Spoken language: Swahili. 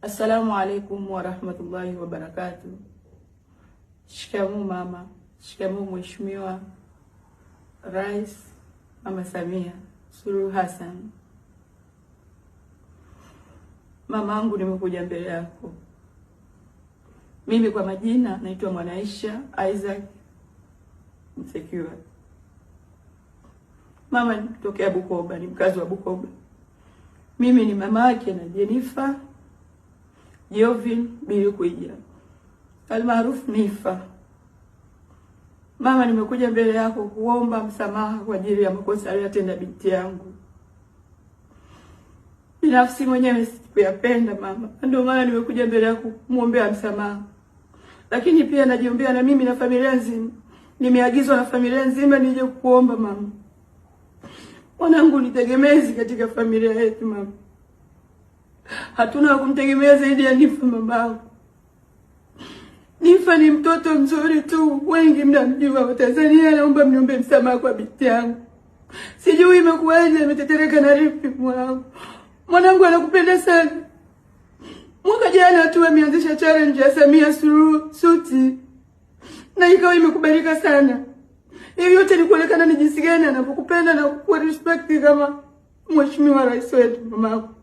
Assalamu alaikum warahmatullahi wabarakatu Shikamu mama, shikamu mheshimiwa Rais Mama Samia Suluhu Hassan. Mama angu, nimekuja mbele yako. Mimi kwa majina naitwa Mwanaisha Isaac Msekiwa. Mama nikutokea Bukoba, ni mkazi wa Bukoba. Mimi ni mama yake na Jenifa Jovin Bilikuija almaarufu Nifa. Mama, nimekuja mbele yako kuomba msamaha kwa ajili ya makosa aliyotenda binti yangu. Binafsi mwenyewe sikuyapenda mama, ndio maana nimekuja mbele yako kumwombea msamaha, lakini pia najiombea na mimi na familia nzima. Nimeagizwa na familia nzima nije kuomba mama. Mwanangu nitegemezi katika familia yetu mama hatuna wa kumtegemea zaidi ya Nifa. Mamangu Nifa ni mtoto mzuri tu, wengi mnamjua. Tanzania. naomba mniombe msamaha kwa binti yangu, sijui imekuwaje, ametetereka na rifi. Mwanangu, mwanangu anakupenda sana. Mwaka jana tu ameanzisha challenge ya Samia Suluhu suti na ikawa imekubalika sana. Hiyo yote ni kuonekana ni jinsi gani anapokupenda na kukuwa respect kama mheshimiwa rais wetu mamako.